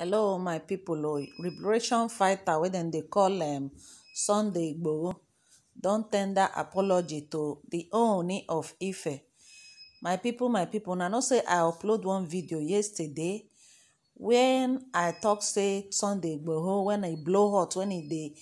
Hello my people o, oh, liberation fighter wey dem dey call um, Sunday Igboho don tender apology to the Ooni of Ife. My people my people una know say I upload one video yesterday when I talk say Sunday Igboho when e blow hot when e dey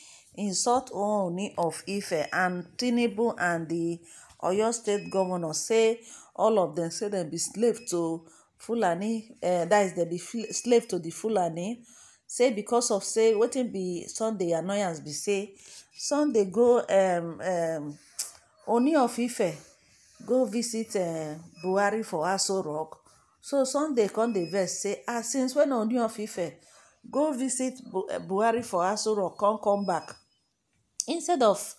insult Ooni of Ife and Tinubu and the Oyo State Governor say all of dem say dem be slave to fulani eh, that is dem be slave to the fulani say because of say wetin be sunday annoyance be say sunday go um, um, oni of ife go visit uh buhari for aso rock so sunday come dey vex say ah since when oni of ife go visit eh, buhari for aso rock come come back instead of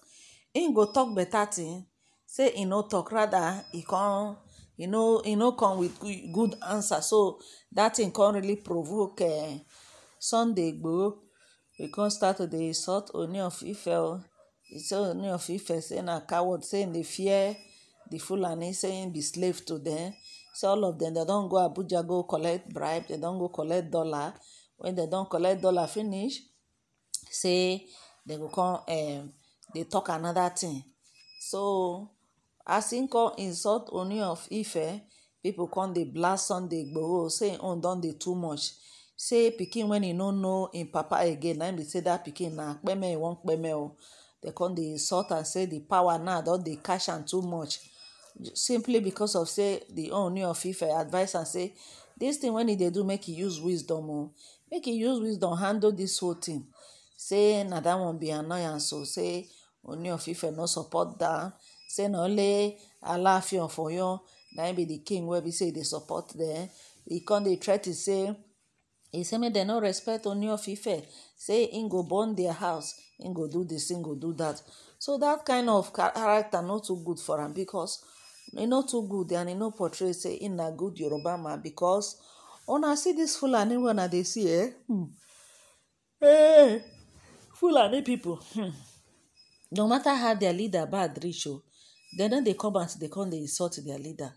in go tok beta thing. say in no tok rather e come You e no you e no come with good answer so that thing come really provoke um sunday igboro we come start to dey insult oni of ife o e say oni of ife say na coward say im dey fear the fulani say im be slave to dem say all of dem dem don go abuja go collect bribe dem don go collect dollar when dem don collect dollar finish say dem go come um eh, dey talk another thing so as im come insult oni of ife people come dey blast sunday igboro say im own don dey too much say pikin wen e no know im papa again na im be say dat pikin na kpeme e wan kpeme o oh. dem come dey insult am say di power now don dey catch am too much simply because of say di oni of ife advice am say dis thing wen e dey do make e use wisdom o oh. make e use wisdom handle dis whole thing say na dat one be annoyance o oh. say oni of ife no support dat say na only alaafin of oyo na him be the king wey be say e dey support dem e come dey threa ten say e say make dem no respect oni of ife say im go burn their house im go do this im go do that so that kind of character no too good for am because e no too good and e no portray say im na good yoruba man because una see this fulani wey una dey see eh hmm. hey, eh, fulani people hmm. no matter how their leader bad reach o oh, Then no they come out they come they insult their leader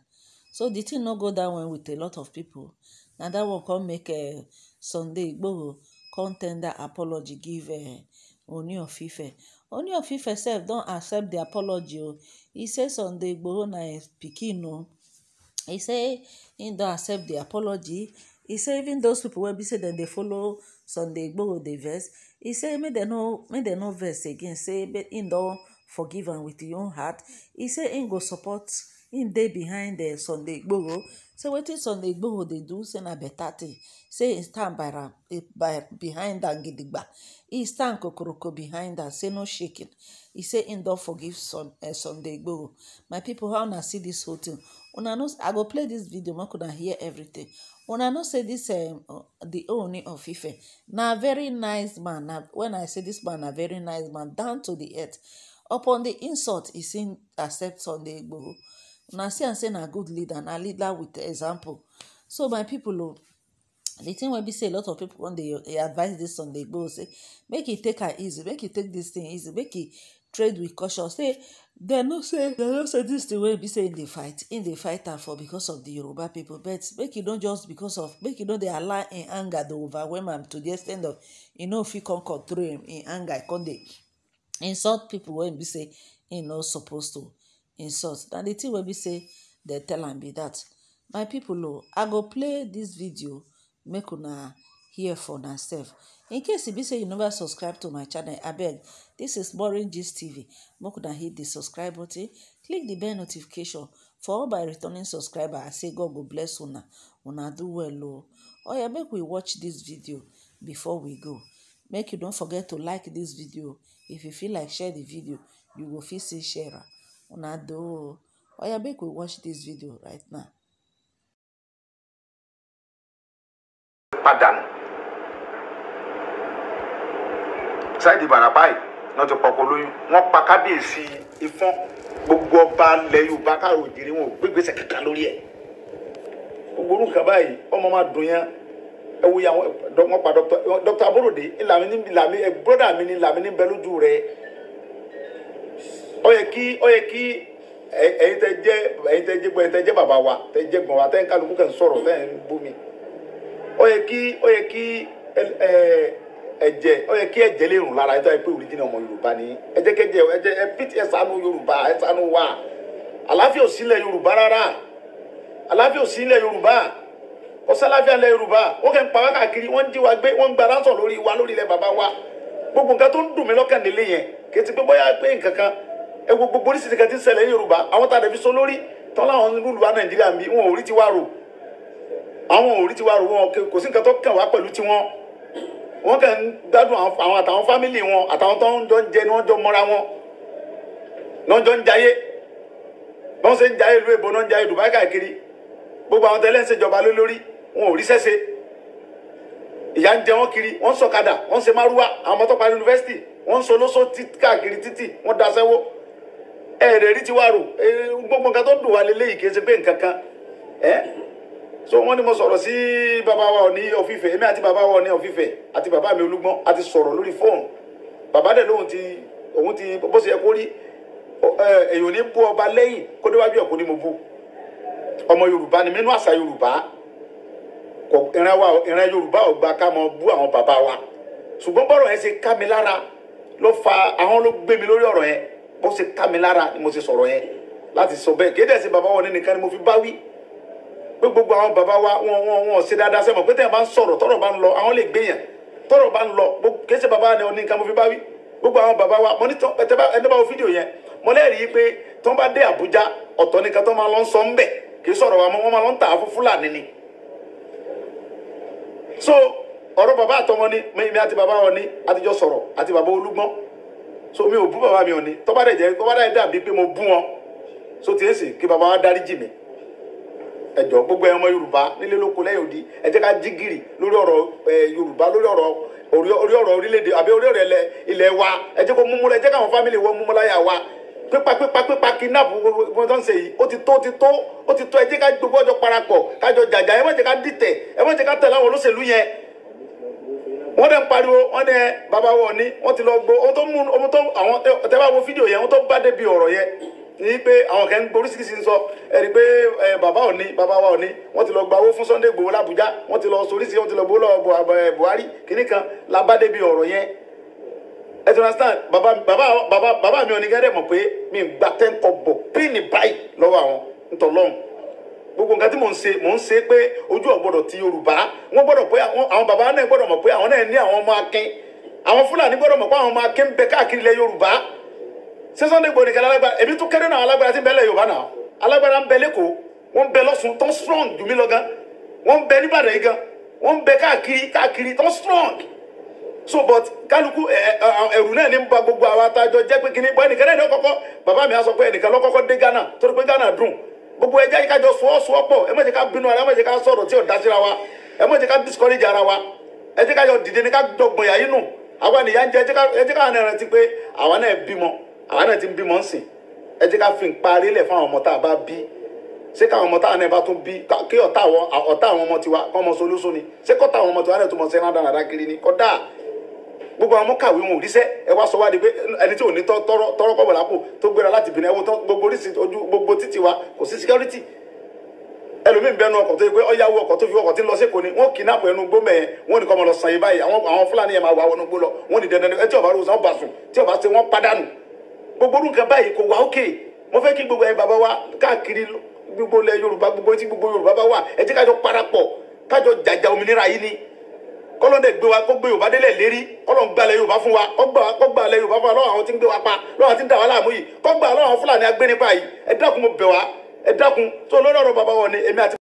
so the thing no go down well with a lot of people Now that one come make uh, Sunday Igboho come tender apology give uh, eh, Ooni of Ife Ooni of Ife sef don't accept the apology oh. He says say Sunday Igboho na him oh. He say he don't accept the apology He say even those people wey be say dem dey follow Sunday Igboho dey verse. He say make they no make they no verse again say him don't. Forgiven with wit im own heart he say im go support him. dey behind sunday igboro say wetin sunday igboro dey do say na beta thing say im stand by am behind am gidigba he stand kokoroko behind am say no shaking He say im don forgive eh, sunday igboro my people, how una see this whole thing una know i go play this video make una hear everything una know say dis eh, The Ooni of ife na very nice man when i say this man na very nice man down to the earth upon the insult he still accept sunday igboro una see am say na good leader na leader with example so my people, o oh, di tin wey be say a lot of people wan dey advise dis sunday igboro say make e take am easy make e take this thing easy make e trade with caution say dem no say dem no say this thing wey be say im dey fight im dey fight am for because of the yoruba people, but make e no just because of make e no dey allow im anger to overwhelm am to di extent of e no fit come control im anger e come dey insult people wey be say im no suppose to insult na the thing wey be say dem tell am be that my people o oh, i go play this video make una hear for una sef in case e be say you never subscribe to my channel abeg this is boring gist tv make una hit the subscribe button click the bell notification for all my returning subscribers i say god go bless una una do well o oh. oya make we watch this video before we go make you don't forget to like this video if you feel like share the video you go feel see share am una do oya make we watch this video right now. Padan. ṣáìdì bàràbá yìí náà ti pọkọ lóyún wọ́n pa kábíyèsí ifon gbogbo ọba ilẹ̀ Yorùbá káàrò òjìrì wọn ò gbégbèsè kíkà lórí ẹ̀ gbogbo orúkọ báyìí ọmọ máa dùn yẹn ẹwù yà wọn pa dókítà aborode lamini lamini broda mi ni lamini bẹlúju rẹ ó yẹ kí ó yẹ kí ẹ̀yin tẹ́ jẹ́ ẹ̀yin tẹ́ jẹ́ gbọ ẹ̀yin tẹ́ jẹ́ bàbá wa tẹ́ jẹ́ gbọn wa tẹ́ kálukú kẹ ń sọ̀rọ̀ tẹ́ ń bú mi ó yẹ kí ó yẹ kí ẹ̀jẹ̀ ó yẹ kí ẹ̀jẹ̀ lè rùn lára ẹjọ pé òrìjìnà ọmọ yorùbá ni ẹ̀jẹ̀ kẹjẹ ẹ̀jẹ̀ ẹ pt ẹ ṣàánú yorùbá ẹ ṣàánú wa àlàáfíà ò sí ilẹ̀ yorùbá rárá àlàáfíà ò sí ilẹ̀ yorùbá kò sálàfíà lẹ yorùbá wọn kàn ń pa wá káàkiri wọn ń jí wa gbé wọn ń gba aláṣọ lórí wa lórí ilẹ̀ bàbá wa gbogbo nǹkan tó ń dùn mí lọ́kàn nílé yẹn kẹtì pé bóyá pé nǹkan kan ẹ wo gbogbo oríṣiríṣi kan ti ṣẹlẹ̀ ní yorùbá àwọn tá a dẹ̀bi sọ lórí tán láwọn olùwà nàìjíríà mi wọn ò rí tiwa rò àwọn ò rí tiwa rò wọn kò sí nǹkan tó kàn wá pẹ̀lú tiwọn wọn kàn ń gbádùn àwọn gbogbo àwọn tẹ́lẹ̀ ń ṣèjọba lólórí wọn ò ríṣẹ́ ṣe ìyá ń jẹ wọn kiri wọn ń sọkadà wọn ń ṣe márúwá àwọn ọmọ tó parí yunifásitì wọn ń solóso káàkiri títì wọn daṣẹ́wó ẹ̀ẹ́dẹ̀ rí ti wá rò gbogbo nǹkan tó dùn wá lélẹ́yìí kì í ṣe pé nǹkan kan ẹ́ so wọ́n ní mo sọ̀rọ̀ sí bàbá wa Ọọ̀ni ọ̀fífẹ́ èmi àti bàbá wa Ọọ̀ni ọ̀fífẹ́ àti bàbá mi Olúgbọ́n a ti sọ̀rọ̀ lórí fóònù bàbá dẹ̀ lóhun ti òun ti bó ṣe yẹ kó rí èèyàn ní bú ọba lẹ́yìn kó déwájú ẹ̀ kó ní mo bú ọmọ Yorùbá ni mínú àṣà Yorùbá ìran wa ìran yorùbá ò gba ká mọ bú àwọn bàbá wa ṣùgbọ́n bọ́rọ̀ yẹn ṣe ká mi lára ló fa àwọn ló gbé mi lórí ọ̀rọ̀ yẹn bó ṣe ká mi lára ni mo ṣe sọ̀rọ̀ yẹn láti sọ bẹ́ẹ̀ kéde ẹ̀sìn bàbá wọn nìkan ni mo fi bá wí pé gbogbo àwọn bàbá wa wọn wọn wọn ṣe dáadáa sẹ́mọ̀ pé tẹ̀yàn bá ń sọ̀rọ̀ tọ́rọ̀ bá ń lọ àwọn lè gbéyàn tọ́rọ̀ bá ń lọ kéṣe bàbá ni wọn nìkan mo fi bá wí gbogbo àwọn bàbá wa mo ní tán ẹni bá wo fídíò yẹn mo lẹ́rìí pé tí wọ́n bá dé Àbújá ọ̀tọ̀ nìkan tó máa lọ ń sọ ń bẹ̀ kì í sọ̀rọ̀ wa mọ́ wọ́n máa lọ ń tà á fún Fúlàní ni so ọ̀rọ̀ bàbá àtọmọ ni mi àti bàbá wọn ni àtijọ́ sọ̀rọ̀ àti bàbá olúgbọ́n so mi ò bú bàbá mi ò ní tọ́ba dẹ̀ jẹ́ tọ́ba dẹ̀ dàbí pé mo bú wọn so tiẹ̀ sì kí bàbá wa dáríjì mi ẹjọ gbogbo ẹmọ yorùbá nílé lóko lẹ́yìn odi ẹ jẹ́ ká jí gìrì lórí ọ̀rọ̀ yorùbá lórí ọ̀rọ̀ orí ọ̀rọ̀ orílẹ̀-èdè àbí orí ọ̀rọ̀ ilẹ̀ wa ẹ jẹ́ kó múmúlẹ̀ ẹ jẹ́ káwọn fámìlì wọn múmúláyà wa pípa pípa pípa kidnap gbogbo tó ń ṣe yìí ó ti tó ó ti tó ó ti tó ẹ jẹ́ ká gbogbo ọjọ́ parapọ̀ kájọ jàjà ẹ má jẹ́ ká dìtẹ̀ ẹ má jẹ́ ká tẹ̀lé àwọn olóṣèlú yẹn wọ́n dẹ̀ ń pariwo wọ́n dẹ̀ bàbá wọn ni wọ́n ti lọ gbó ohun tó mú ohun tó àwọn tẹ́ bá wo fídíò yẹn ohun tó bá débi ọ̀rọ̀ yẹn ní pé àwọn kan ń gbọ́ oríṣiríṣi sọ ẹ̀rí pé bàbá òní bàbá wa òní wọ́n ti lọ gba owó fún Sunday Igboho l'Abuja wọ́n ti lọ soríṣi wọ́n ti lọ gbowó lọ́wọ́ Buhari kìnnìkan labádébi ọ̀rọ̀ yẹn ẹ understand baba baba baba baba mi ò ní gẹ́rẹ́ mọ̀ pé mi ń gba ten kọ́bọ̀ píìnì báyìí lọ́wọ́ àwọn gbogbo nǹkan tí mò ń ṣe ti Yorùbá wọ́n gbọ́dọ̀ pé àwọn baba náà gbọ́dọ̀ mọ̀ pé àwọn náà ní àwọn ọmọ akin àwọn Fúlàní gbọ́dọ̀ mọ̀ pé àwọn ọmọ akin ń bẹ káàkiri Yorùbá alágbára èmi tún náà alágbára ti ń bẹ Yorùbá náà alágbára ń bẹ lẹ́kọ̀ọ́ wọ́n ń bẹ lọ́sùn so but kálukú eh, eh, eh, ẹ̀rù náà ní ń ba gbogbo àwọn atajọ jẹ́ pé kínní bọ ẹnìkan náà ní ọkọ̀kọ́ bàbá mi á sọ pé ẹnìkan lọ́kọ́kọ́ dé Ghana torí pé Ghana dùn gbogbo ẹjẹ́ yìí kájọ sọ sọ pọ̀ ẹ má jẹ́ ká bínú ara ẹ má jẹ́ ká sọ̀rọ̀ tí ò dá síra wa ẹ má jẹ́ ká discourage ara wa ẹ jẹ́ kájọ dìde ní ká yà inú àwa ń jẹ ẹ ti pé àwa náà bímọ àwa náà ti ń bímọ ẹ ká a bá bí ṣé káwọn ọmọ náà bá tún bí kí ọ̀tá àwọn ọmọ tiwa kọ́ gbogbo àwọn mọ́kàwé wọn ò ríṣẹ́ ẹ wá sọ wá di pé ẹni tí ò ní tọ́rọ́ kọ́bọ̀ lápò tó gbéra láti bìnrin ẹwọ tán gbogbo oríṣi ojú gbogbo títì wa kò sí security ẹlòmíín bẹnu ọkọ̀ tó yẹ pé ọ̀yáwó ọkọ̀ tó fi ọkọ̀ tí ń lọ sí Èkó ni wọ́n kidnap ẹnu gbómẹ̀ yẹn wọ́n ní kọ́ ọmọ lọ sàn yìí báyìí àwọn Fúlàní yẹn máa wà wọnú gbó lọ wọ́n ní dandan ẹ tí ọba rò sàn ọba sùn tí ọba ṣe wọ́n padànù gbogbo nǹkan báyìí kò wá òkè mo fẹ́ kí gbogbo ẹ bàbá wa káàkiri gbogbo ilẹ̀ Yorùbá gbogbo etí gbogbo Yorùbá bá wà ẹ jẹ́ kájọ parapọ̀ kájọ jàjà òmìnira yìí ni kọ́lọ́dẹ̀ gbé wa kó gbé yorùbá délẹ̀ lérí kọ́lọ́ ń gbalẹ̀ yorùbá fún wa kọ́ gbalẹ̀ yorùbá fún wa lọ́wọ́ àwọn tí ń gbé wa pa lọ́wọ́ àwọn tí ń dà wá láàmú yìí kọ́ gbalẹ̀ àwọn fúlàní agbénipa yìí ẹ dákun mo bẹ̀ wá ẹ dákun tó lórí ọ̀rọ̀ bàbá wọn ni èmi àti